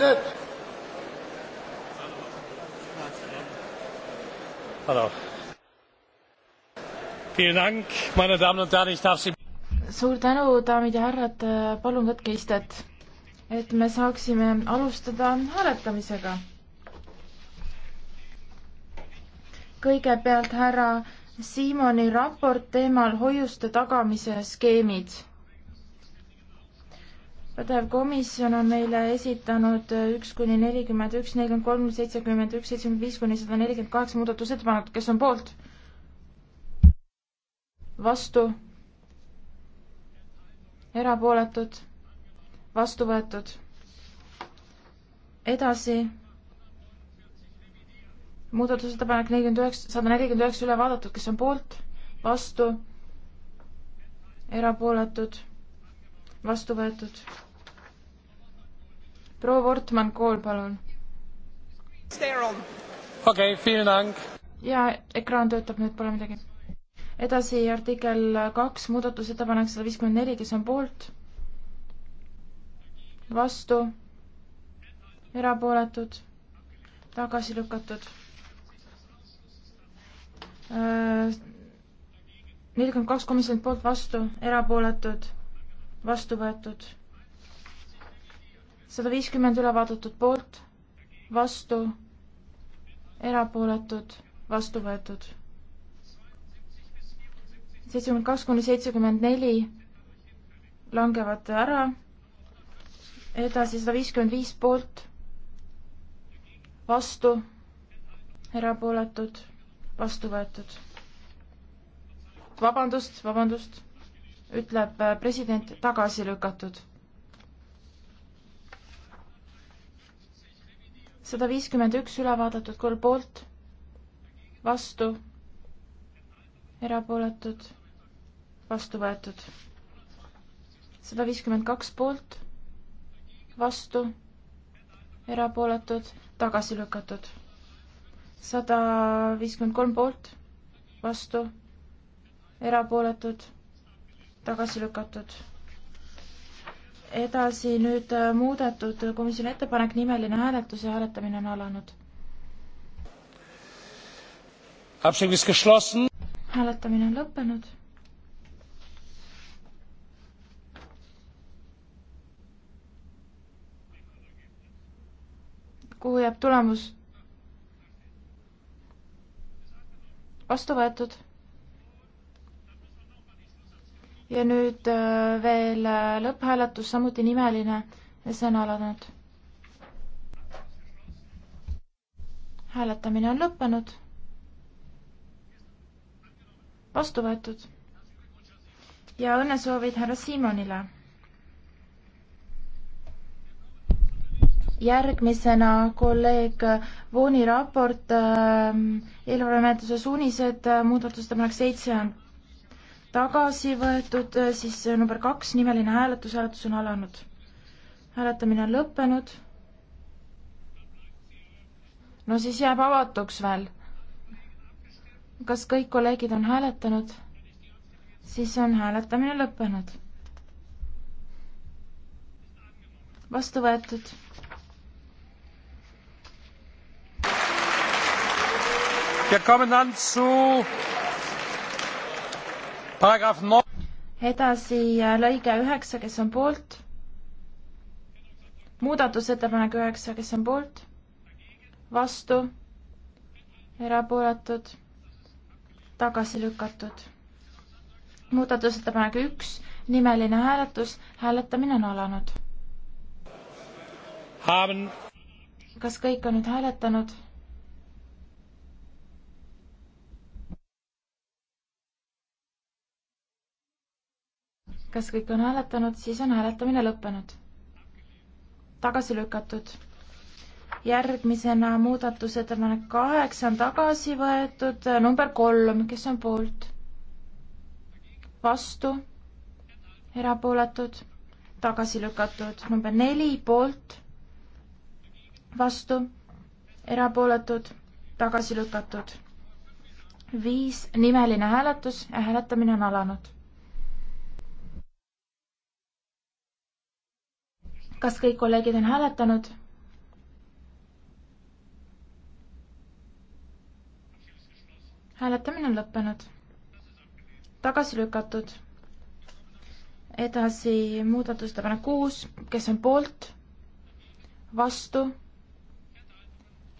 That. Hallo. Vielen Dank, meine Damen und Herren, ich darf Sie. suur tänu, daamid ja härrad, palun võtke istet, et me saaksime alustada hääletamisega. kõigepealt härra Siimoni raport teemal hoiuste tagamise skeemid pädev komisjon on meile esitanud üks kuni nelikümmend üks, nelikümmend kolm, seitsekümmend üks, seitsekümmend viis kuni sada nelikümmend kaheksa muudatusettepanekut, kes on poolt? vastu? erapooletud? vastu võetud? edasi muudatusettepanek nelikümmend üheksa, sada nelikümmend üheksa üle vaadatud, kes on poolt, vastu, erapooletud, vastu võetud proua Wortmann-Kool, palun. okei okay,, ja ekraan töötab nüüd, pole midagi. edasi artikkel kaks, muudatusettepanek sada viiskümmend neli, kes on poolt? vastu? erapooletud? tagasi lükatud? Äh, nelikümmend kaks komisjonit poolt, vastu, erapooletud, vastu võetud sada viiskümmend üle vaadatud poolt, vastu, erapooletud, vastu võetud. seitsekümmend kaks kuni seitsekümmend neli langevad ära, edasi sada viiskümmend viis poolt, vastu, erapooletud, vastu võetud. vabandust, vabandust, ütleb president, tagasi lükatud sada viiskümmend üks üle vaadatud, kolm poolt, vastu, erapooletud, vastu võetud. sada viiskümmend kaks poolt, vastu, erapooletud, tagasi lükatud. sada viiskümmend kolm poolt, vastu, erapooletud, tagasi lükatud edasi nüüd äh, muudetud komisjoni ettepanek, nimeline hääletus ja hääletamine on alanud. hääletamine on lõppenud. kuhu jääb tulemus? vastu võetud ja nüüd äh, veel äh, lõpphääletus, samuti nimeline ja see on alanud. hääletamine on lõppenud. vastu võetud. ja õnnesoovid härra Siimonile. järgmisena kolleeg Vooni raport äh, eelarvemenetluse suunised äh, muudatusettepanek seitse on tagasi võetud, äh, siis number kaks, nimeline hääletus, hääletus on alanud. hääletamine on lõppenud. no siis jääb avatuks veel. kas kõik kolleegid on hääletanud? siis on hääletamine lõppenud. vastu võetud Wir kommen dann zu edasi äh, lõige üheksa, kes on poolt? muudatusettepanek üheksa, kes on poolt? vastu? erapooletud? tagasi lükatud? muudatusettepanek üks, nimeline hääletus, hääletamine on alanud. kas kõik on nüüd hääletanud? kas kõik on hääletanud, siis on hääletamine lõppenud. tagasi lükatud. järgmisena muudatusettepanek kaheksa on tagasi võetud, number kolm, kes on poolt? vastu, erapooletud, tagasi lükatud, number neli poolt, vastu, erapooletud, tagasi lükatud. viis, nimeline hääletus ja hääletamine on alanud kas kõik kolleegid on hääletanud? hääletamine on lõppenud. tagasi lükatud. edasi muudatusettepanek kuus, kes on poolt, vastu,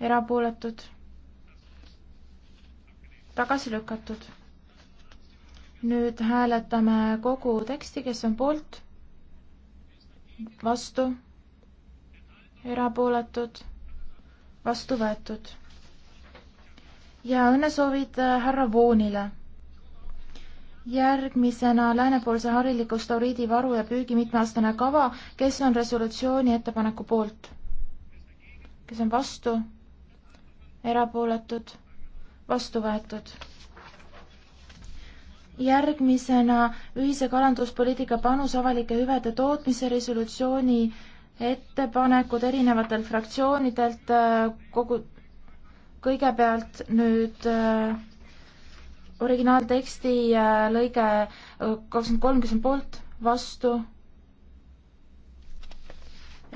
erapooletud, tagasi lükatud. nüüd hääletame kogu teksti, kes on poolt vastu, erapooletud, vastu võetud. ja õnnesoovid äh, härra Voonile. järgmisena läänepoolse hariliku storiidi varu ja püügi mitmeaastane kava, kes on resolutsiooni ettepaneku poolt? kes on vastu, erapooletud, vastu võetud järgmisena ühise kalanduspoliitika panus avalike hüvede tootmise resolutsiooni ettepanekud erinevatelt fraktsioonidelt äh, kogu, kõigepealt nüüd äh, originaalteksti äh, lõige äh, kakskümmend kolm, kes on poolt, vastu,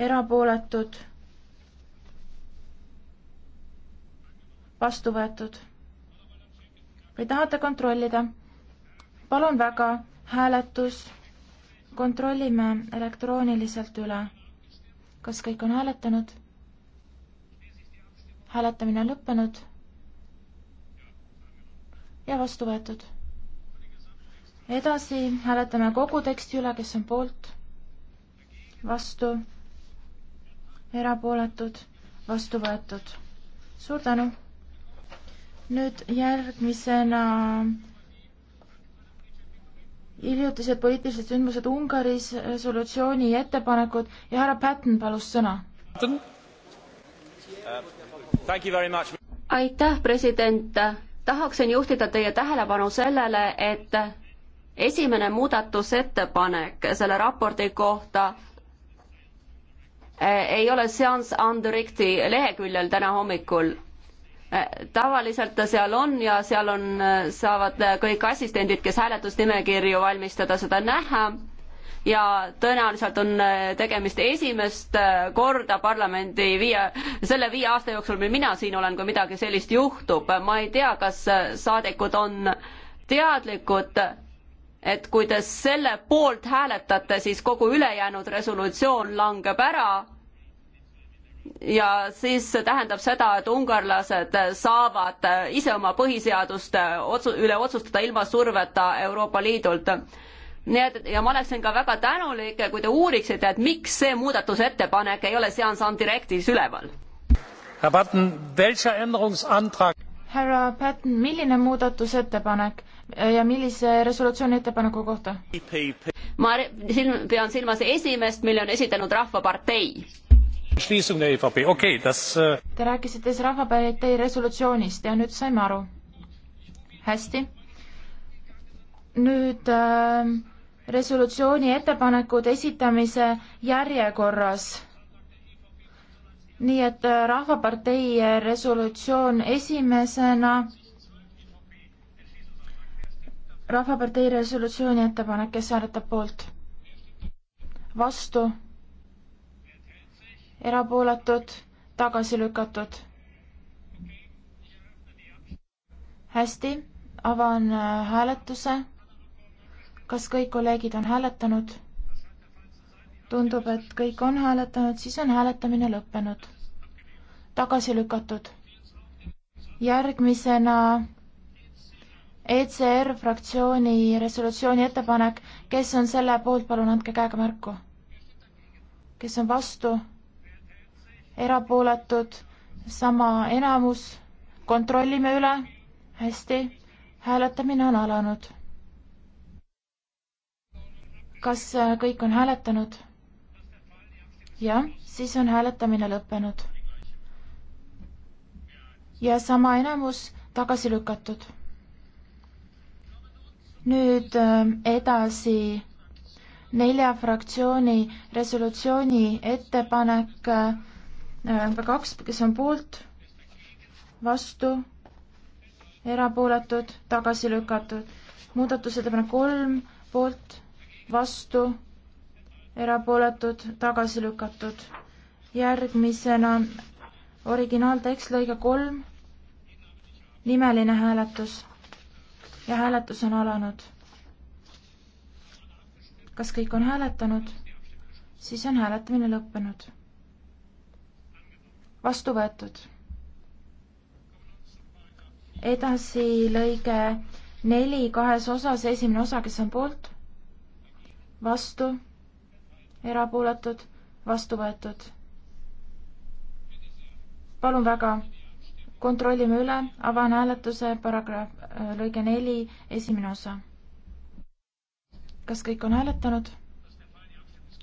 erapooletud, vastu võetud. või tahate kontrollida? palun väga, hääletus. kontrollime elektrooniliselt üle. kas kõik on hääletanud? hääletamine on lõppenud ja vastu võetud. edasi hääletame kogu teksti üle, kes on poolt, vastu, erapooletud, vastu võetud. suur tänu! nüüd järgmisena hiljutised poliitilised sündmused Ungaris, resolutsiooni ettepanekud ja härra Patten palus sõna. aitäh, president. tahaksin juhtida teie tähelepanu sellele, et esimene muudatusettepanek selle raporti kohta eh, ei ole seanss Undericti leheküljel täna hommikul tavaliselt ta seal on ja seal on, saavad kõik assistendid, kes hääletusnimekirju valmistada, seda näha ja tõenäoliselt on tegemist esimest korda parlamendi viie, selle viie aasta jooksul, mil mina siin olen, kui midagi sellist juhtub, ma ei tea, kas saadikud on teadlikud, et kui te selle poolt hääletate, siis kogu ülejäänud resolutsioon langeb ära ja siis see tähendab seda, et ungarlased saavad ise oma põhiseadust otsu-, üle otsustada ilma surveta Euroopa Liidult. nii et ja ma oleksin ka väga tänulik, kui te uuriksite, et miks see muudatusettepanek ei ole seansann direktiivis üleval. härra Patten, milline muudatusettepanek ja millise resolutsiooni ettepaneku kohta? ma silm, pean silmas esimest, mille on esitanud Rahvapartei E äh, Te rääkisite siis Rahvapartei resolutsioonist ja nüüd saime aru. hästi. nüüd äh, resolutsiooni ettepanekud esitamise järjekorras. nii et äh, Rahvapartei resolutsioon esimesena. rahvapartei resolutsiooni ettepanek, kes hääletab poolt? vastu erapooletud, tagasi lükatud. hästi, avan äh, hääletuse. kas kõik kolleegid on hääletanud? tundub, et kõik on hääletanud, siis on hääletamine lõppenud. tagasi lükatud. järgmisena ECR fraktsiooni resolutsiooni ettepanek, kes on selle poolt, palun andke käega märku. kes on vastu? erapooletud, sama enamus, kontrollime üle, hästi, hääletamine on alanud. kas äh, kõik on hääletanud? jah, siis on hääletamine lõppenud. ja sama enamus tagasi lükatud. nüüd äh, edasi nelja fraktsiooni resolutsiooni ettepanek äh, number kaks, kes on poolt, vastu, erapooletud, tagasi lükatud. muudatusettepanek kolm, poolt, vastu, erapooletud, tagasi lükatud. järgmisena originaaltekst lõige kolm, nimeline hääletus ja hääletus on alanud. kas kõik on hääletanud? siis on hääletamine lõppenud vastu võetud. edasi lõige neli kahes osas, esimene osa, kes on poolt, vastu, erapooletud, vastu võetud. palun väga, kontrollime üle, avan hääletuse, paragrahv, äh, lõige neli, esimene osa. kas kõik on hääletanud?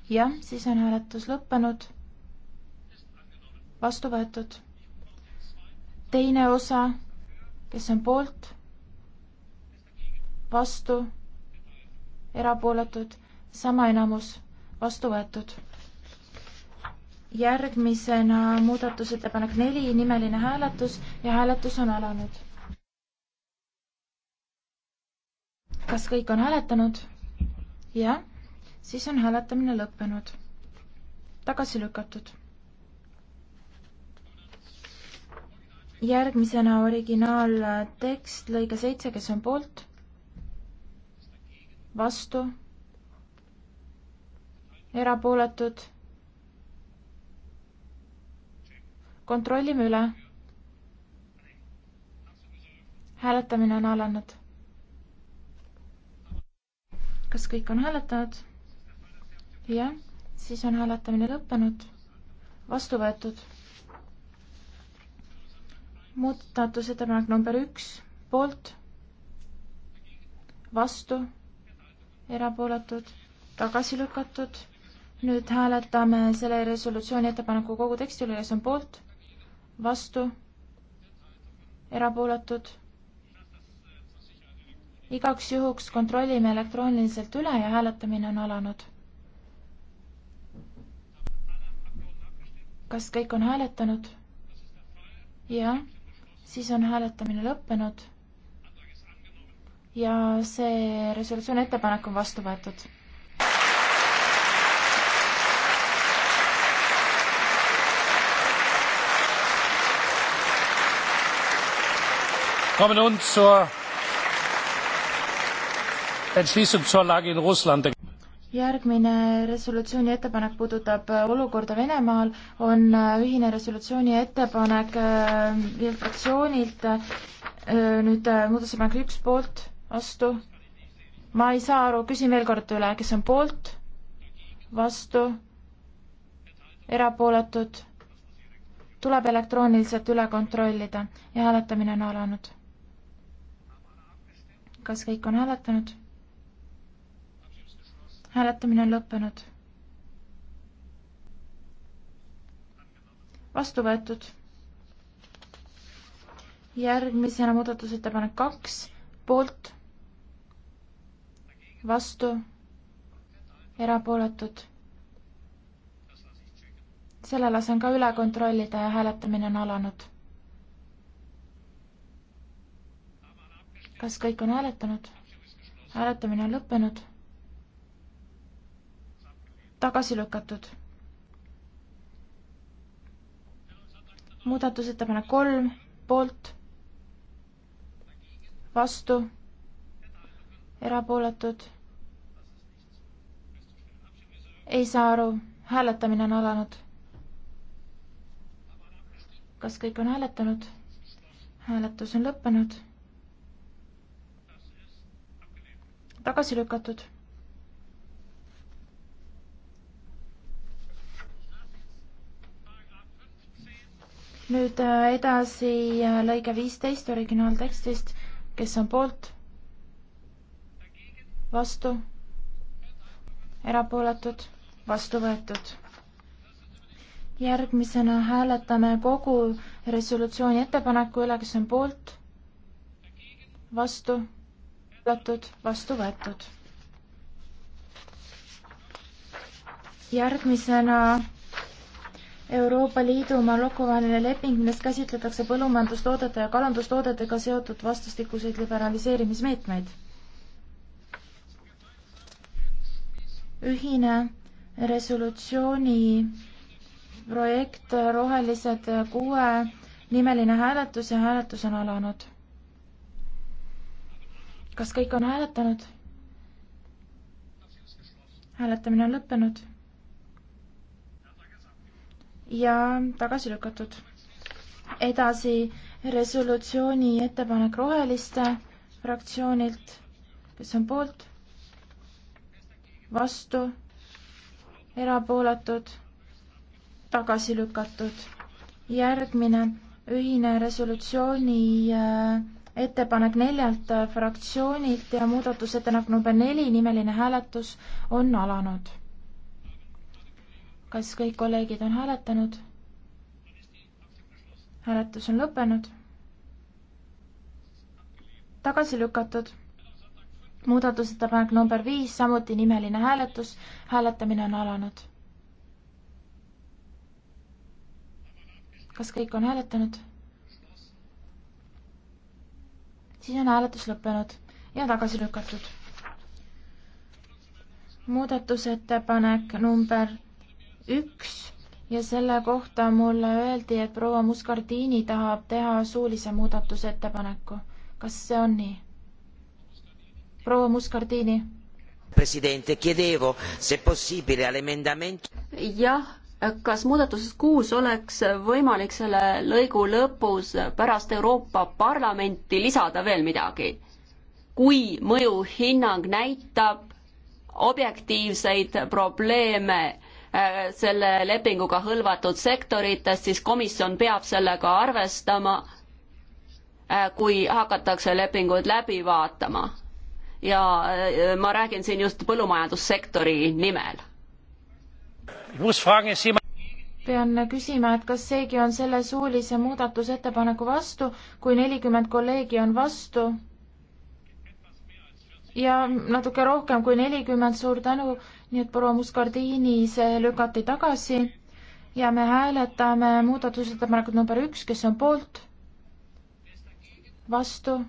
jah, siis on hääletus lõppenud vastu võetud. teine osa, kes on poolt, vastu, erapooletud, sama enamus, vastu võetud. järgmisena muudatusettepanek neli, nimeline hääletus ja hääletus on alanud. kas kõik on hääletanud? jah, siis on hääletamine lõppenud. tagasi lükatud järgmisena originaaltekst, lõige seitse, kes on poolt? vastu? erapooletud? kontrollime üle. hääletamine on alanud. kas kõik on hääletanud? jah, siis on hääletamine lõppenud, vastu võetud muudatusettepanek number üks, poolt, vastu, erapooletud, tagasi lükatud. nüüd hääletame selle resolutsiooni ettepaneku kogu teksti üle, kes on poolt, vastu, erapooletud. igaks juhuks kontrollime elektrooniliselt üle ja hääletamine on alanud. kas kõik on hääletanud? jah siis on hääletamine lõppenud ja see resolutsiooni ettepanek on vastu võetud. kommen nun zur entschließung zur lage in russland järgmine resolutsiooni ettepanek puudutab äh, olukorda Venemaal, on äh, ühine resolutsiooni ettepanek viielt äh, fraktsioonilt. nüüd muudatusepanek üks poolt, vastu. ma ei saa aru, küsin veel kord üle, kes on poolt, vastu, erapooletud? tuleb elektrooniliselt üle kontrollida ja hääletamine on alanud. kas kõik on hääletanud? hääletamine on lõppenud. vastu võetud. järgmisena muudatusettepanek kaks, poolt, vastu, erapooletud. selle lasen ka üle kontrollida ja hääletamine on alanud. kas kõik on hääletanud? hääletamine on lõppenud tagasi lükatud. muudatusettepanek kolm, poolt, vastu, erapooletud. ei saa aru, hääletamine on alanud. kas kõik on hääletanud? hääletus on lõppenud. tagasi lükatud nüüd äh, edasi äh, lõige viisteist originaaltekstist, kes on poolt, vastu, erapooletud, vastu võetud. järgmisena hääletame kogu resolutsiooni ettepaneku üle, kes on poolt, vastu, erapooletud, vastu võetud. järgmisena Euroopa Liidu Maroko vaheline leping, milles käsitletakse põllumajandustoodete ja kalandustoodetega seotud vastastikuseid liberaliseerimismeetmeid. ühine resolutsiooni projekt Rohelised kuue nimeline hääletus ja hääletus on alanud. kas kõik on hääletanud? hääletamine on lõppenud ja tagasi lükatud. edasi resolutsiooni ettepanek Roheliste fraktsioonilt, kes on poolt, vastu, erapooletud, tagasi lükatud. järgmine ühine resolutsiooni äh, ettepanek neljalt äh, fraktsioonilt ja muudatusettepanek number neli, nimeline hääletus on alanud kas kõik kolleegid on hääletanud? hääletus on lõppenud. tagasi lükatud. muudatusettepanek number viis, samuti nimeline hääletus. hääletamine on alanud. kas kõik on hääletanud? siis on hääletus lõppenud ja tagasi lükatud. muudatusettepanek number üks ja selle kohta mulle öeldi, et proua Muscardini tahab teha suulise muudatusettepaneku. kas see on nii? proua Muscardini. Presidente, chiedevo se possibile all'emendamento. jah, kas muudatuses kuus oleks võimalik selle lõigu lõpus pärast Euroopa Parlamenti lisada veel midagi? kui mõjuhinnang näitab objektiivseid probleeme Äh, selle lepinguga hõlvatud sektoritest, siis komisjon peab sellega arvestama, äh, kui hakatakse lepinguid läbi vaatama. ja äh, ma räägin siin just põllumajandussektori nimel. pean küsima, et kas seegi on selle suulise muudatusettepaneku vastu, kui nelikümmend kolleegi on vastu? ja natuke rohkem kui nelikümmend, suur tänu, nii et proua Muscardini see lükati tagasi ja me hääletame muudatusettepanekut number üks, kes on poolt, vastu,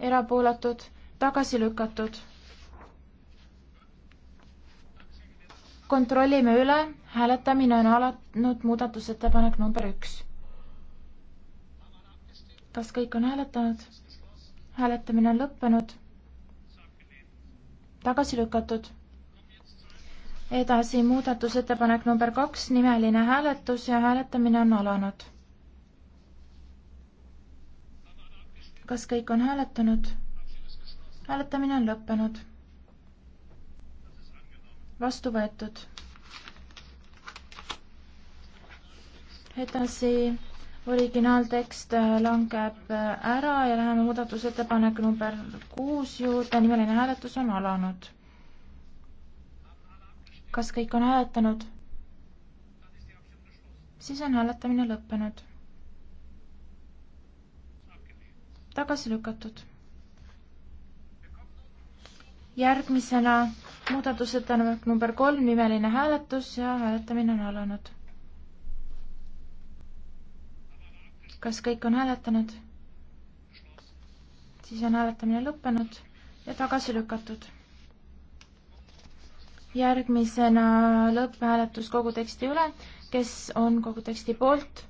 erapooletud, tagasi lükatud. kontrollime üle, hääletamine on alanud muudatusettepanek number üks. kas kõik on hääletanud? hääletamine on lõppenud tagasi lükatud. edasi muudatusettepanek number kaks, nimeline hääletus ja hääletamine on alanud. kas kõik on hääletanud? hääletamine on lõppenud. vastu võetud. edasi originaaltekst äh, langeb äh, ära ja läheme muudatusettepaneku number kuus juurde, nimeline hääletus on alanud. kas kõik on hääletanud? siis on hääletamine lõppenud. tagasi lükatud. järgmisena muudatusettepanek number kolm, nimeline hääletus ja hääletamine on alanud kas kõik on hääletanud? siis on hääletamine lõppenud ja tagasi lükatud. järgmisena lõpphääletus kogu teksti üle, kes on kogu teksti poolt,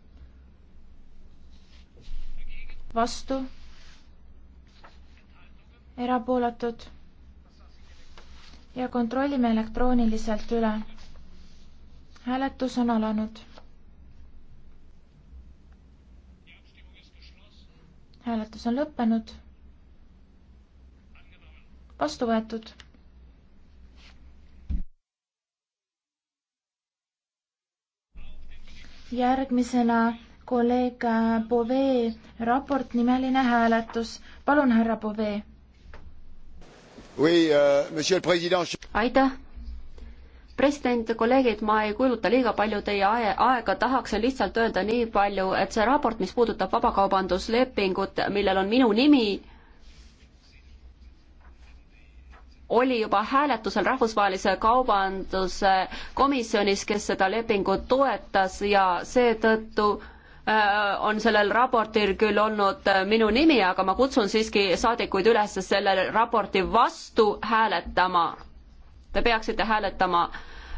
vastu, erapooletud ja kontrollime elektrooniliselt üle. hääletus on alanud hääletus on lõppenud. vastu võetud. järgmisena kolleeg Bovee raport nimeline hääletus. palun, härra Bovee. Euh, aitäh president, kolleegid, ma ei kuluta liiga palju teie aega, tahaksin lihtsalt öelda nii palju, et see raport, mis puudutab vabakaubanduslepingut, millel on minu nimi, oli juba hääletusel Rahvusvahelise Kaubanduse Komisjonis, kes seda lepingut toetas ja seetõttu äh, on sellel raportil küll olnud äh, minu nimi, aga ma kutsun siiski saadikuid üles selle raporti vastu hääletama. Te peaksite hääletama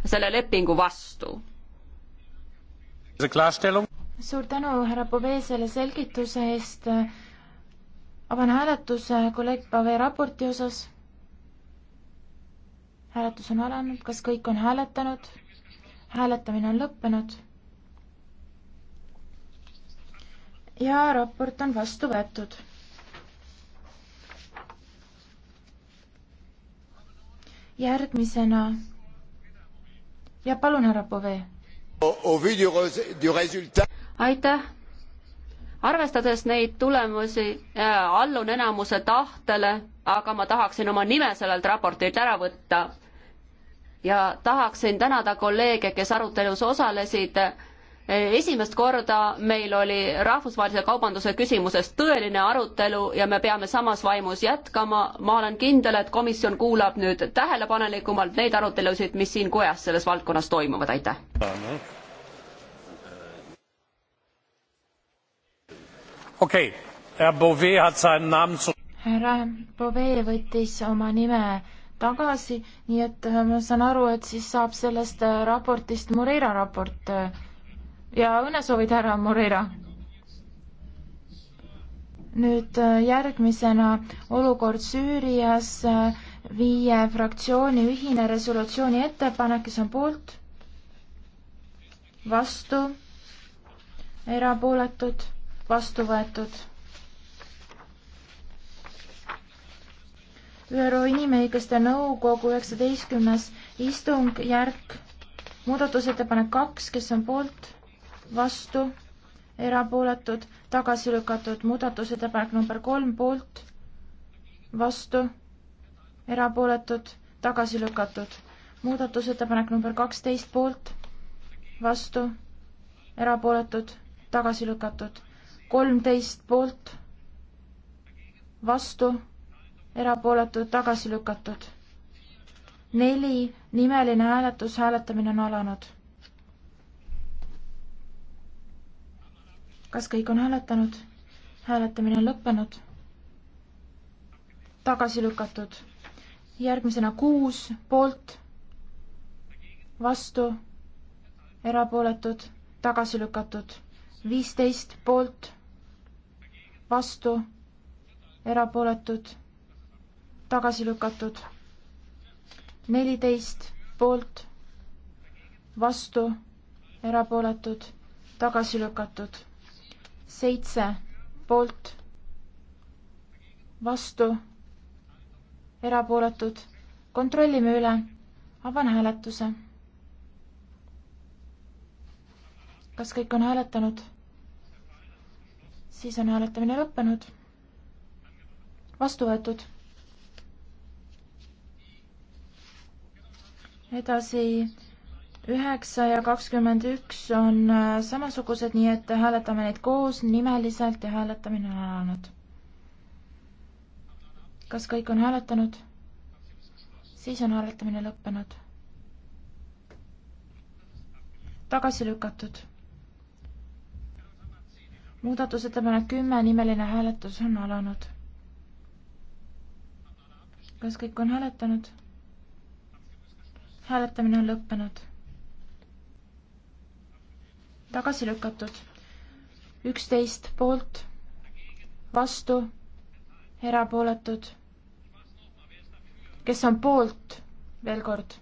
selle lepingu vastu. suur tänu, härra Pove, selle selgituse eest. avan hääletuse kolleeg Pave raporti osas. hääletus on alanud, kas kõik on hääletanud? hääletamine on lõppenud. ja raport on vastu võetud järgmisena ja palun, härra Pove. aitäh. arvestades neid tulemusi, äh, allun enamuse tahtele, aga ma tahaksin oma nime sellelt raportilt ära võtta. ja tahaksin tänada kolleege, kes arutelus osalesid esimest korda meil oli rahvusvahelise kaubanduse küsimuses tõeline arutelu ja me peame samas vaimus jätkama. ma olen kindel, et komisjon kuulab nüüd tähelepanelikumalt neid arutelusid, mis siin kojas selles valdkonnas toimuvad, aitäh. okei okay., härra Bovee hat seinen Namen zu-. härra Bovee võttis oma nime tagasi, nii et ma saan aru, et siis saab sellest raportist Moreira raport äh, ja õnnesoovid, härra Moreira! nüüd äh, järgmisena olukord Süürias, äh, viie fraktsiooni ühine resolutsiooni ettepanek, kes on poolt, vastu, erapooletud, vastu võetud. ÜRO Inimõiguste Nõukogu üheksateistkümnes istungjärk, muudatusettepanek kaks, kes on poolt vastu, erapooletud, tagasi lükatud, muudatusettepanek number kolm poolt, vastu, erapooletud, tagasi lükatud, muudatusettepanek number kaksteist poolt, vastu, erapooletud, tagasi lükatud, kolmteist poolt, vastu, erapooletud, tagasi lükatud neli, nimeline hääletus, hääletamine on alanud kas kõik on hääletanud? hääletamine on lõppenud. tagasi lükatud. järgmisena kuus poolt, vastu, erapooletud, tagasi lükatud. viisteist poolt, vastu, erapooletud, tagasi lükatud. neliteist poolt, vastu, erapooletud, tagasi lükatud seitse poolt, vastu, erapooletud. kontrollime üle. avan hääletuse. kas kõik on hääletanud? siis on hääletamine lõppenud. vastu võetud. edasi üheksa ja kakskümmend üks on äh, samasugused, nii et hääletame neid koos nimeliselt ja hääletamine on alanud. kas kõik on hääletanud? siis on hääletamine lõppenud. tagasi lükatud. muudatusettepanek kümme, nimeline hääletus on alanud. kas kõik on hääletanud? hääletamine on lõppenud tagasi lükatud. üksteist poolt, vastu, erapooletud. kes on poolt, veel kord,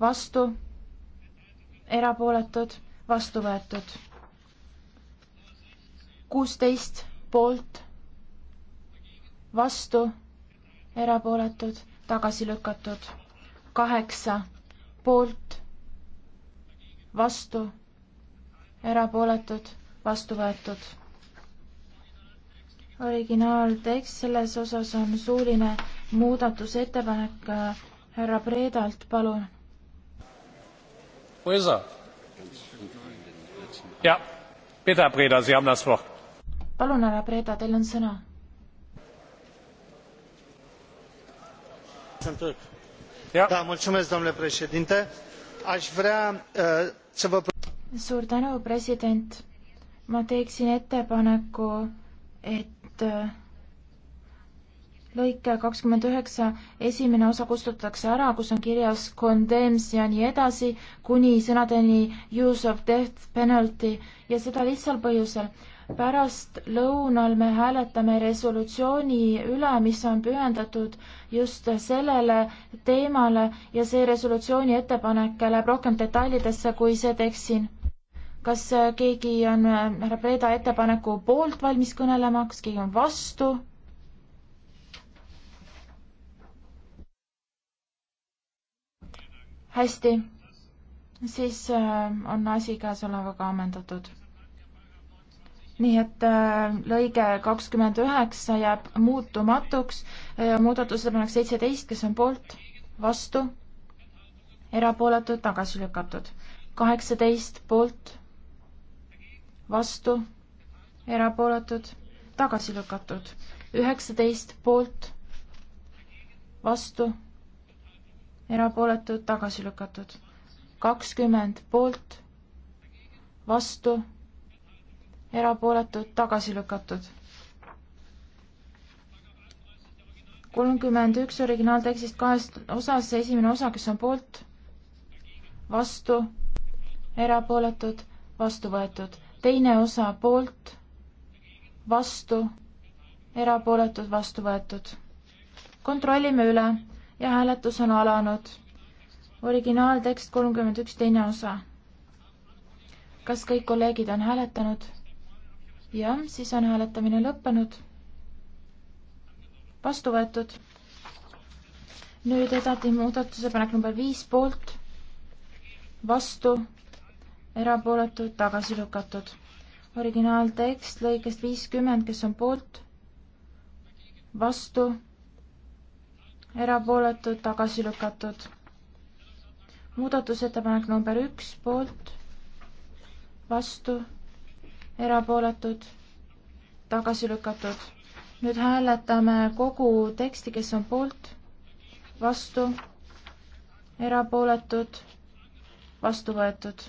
vastu, erapooletud, vastu võetud. kuusteist poolt, vastu, erapooletud, tagasi lükatud. kaheksa poolt, vastu erapooletud, vastu võetud. originaaltekst selles osas on suuline muudatusettepanek äh, härra Predalt, palun. jah, Peter Preda, Sie haben das Wort. palun, härra Preda, teil on sõna. domnule președinte aș vrea äh, să vă suur tänu, president. ma teeksin ettepaneku, et äh, lõike kakskümmend üheksa esimene osa kustutatakse ära, kus on kirjas condemns ja nii edasi, kuni sõnadeni use of death penalty ja seda lihtsal põhjusel. pärast lõunal me hääletame resolutsiooni üle, mis on pühendatud just sellele teemale ja see resolutsiooni ettepanek läheb rohkem detailidesse, kui see teeksin kas äh, keegi on äh, härra Preda ettepaneku poolt valmis kõnelema, kas keegi on vastu? hästi, siis äh, on asi käesolevaga ammendatud. nii et lõige kakskümmend üheksa jääb muutumatuks, muudatusettepanek seitseteist, kes on poolt, vastu, erapooletud, tagasi lükatud. kaheksateist poolt vastu, erapooletud, tagasi lükatud. üheksateist poolt, vastu, erapooletud, tagasi lükatud. kakskümmend poolt, vastu, erapooletud, tagasi lükatud. kolmkümmend üks originaaltekstist kahest osas, esimene osa, kes on poolt, vastu, erapooletud, vastu võetud teine osa poolt, vastu, erapooletud, vastu võetud. kontrollime üle ja hääletus on alanud. originaaltekst kolmkümmend üks, teine osa. kas kõik kolleegid on hääletanud? jah, siis on hääletamine lõppenud. vastu võetud. nüüd edasi muudatusepanek number viis poolt, vastu erapooletud, tagasi lükatud. originaaltekst lõikest viiskümmend, kes on poolt, vastu, erapooletud, tagasi lükatud. muudatusettepanek number üks, poolt, vastu, erapooletud, tagasi lükatud. nüüd hääletame kogu teksti, kes on poolt, vastu, erapooletud, vastu võetud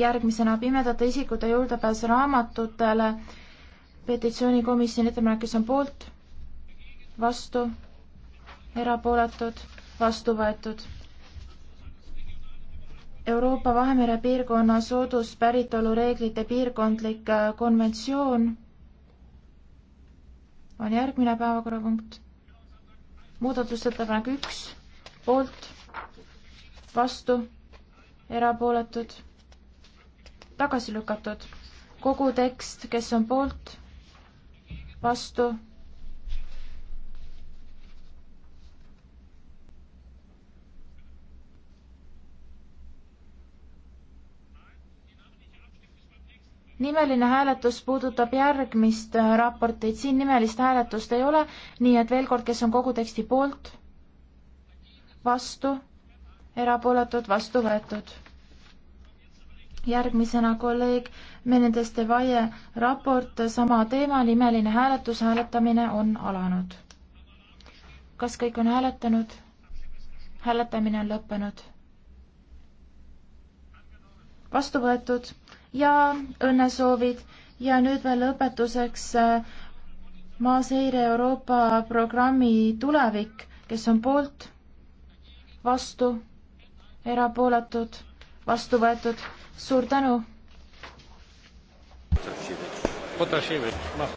järgmisena pimedate isikute juurdepääs raamatutele. petitsioonikomisjoni ettepanek, kes on poolt, vastu, erapooletud, vastu võetud. Euroopa Vahemere piirkonna sooduspäritolureeglite piirkondlik äh, konventsioon on järgmine päevakorrapunkt. muudatusettepanek üks, poolt, vastu, erapooletud tagasi lükatud. kogu tekst, kes on poolt, vastu, nimeline hääletus puudutab järgmist raportit, siin nimelist hääletust ei ole, nii et veel kord, kes on kogu teksti poolt, vastu, erapooletud, vastu võetud järgmisena kolleeg Menedes de Valle raport sama teemal, imeline hääletus, hääletamine on alanud. kas kõik on hääletanud? hääletamine on lõppenud. vastu võetud ja õnnesoovid ja nüüd veel lõpetuseks äh, Maaseire Euroopa programmi tulevik, kes on poolt, vastu, erapooletud vastu võetud. suur tänu. Potasievitš, noh.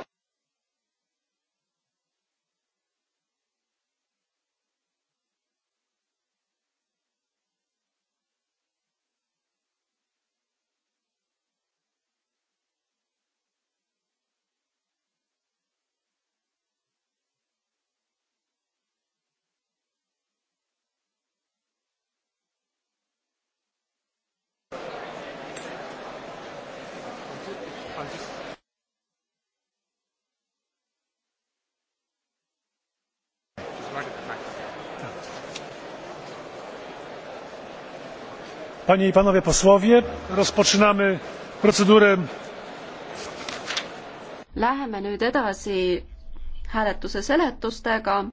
panie i panowie posłowie rozpoczynamy procedurę Läheme nüüd edasi hääletuse seletustega.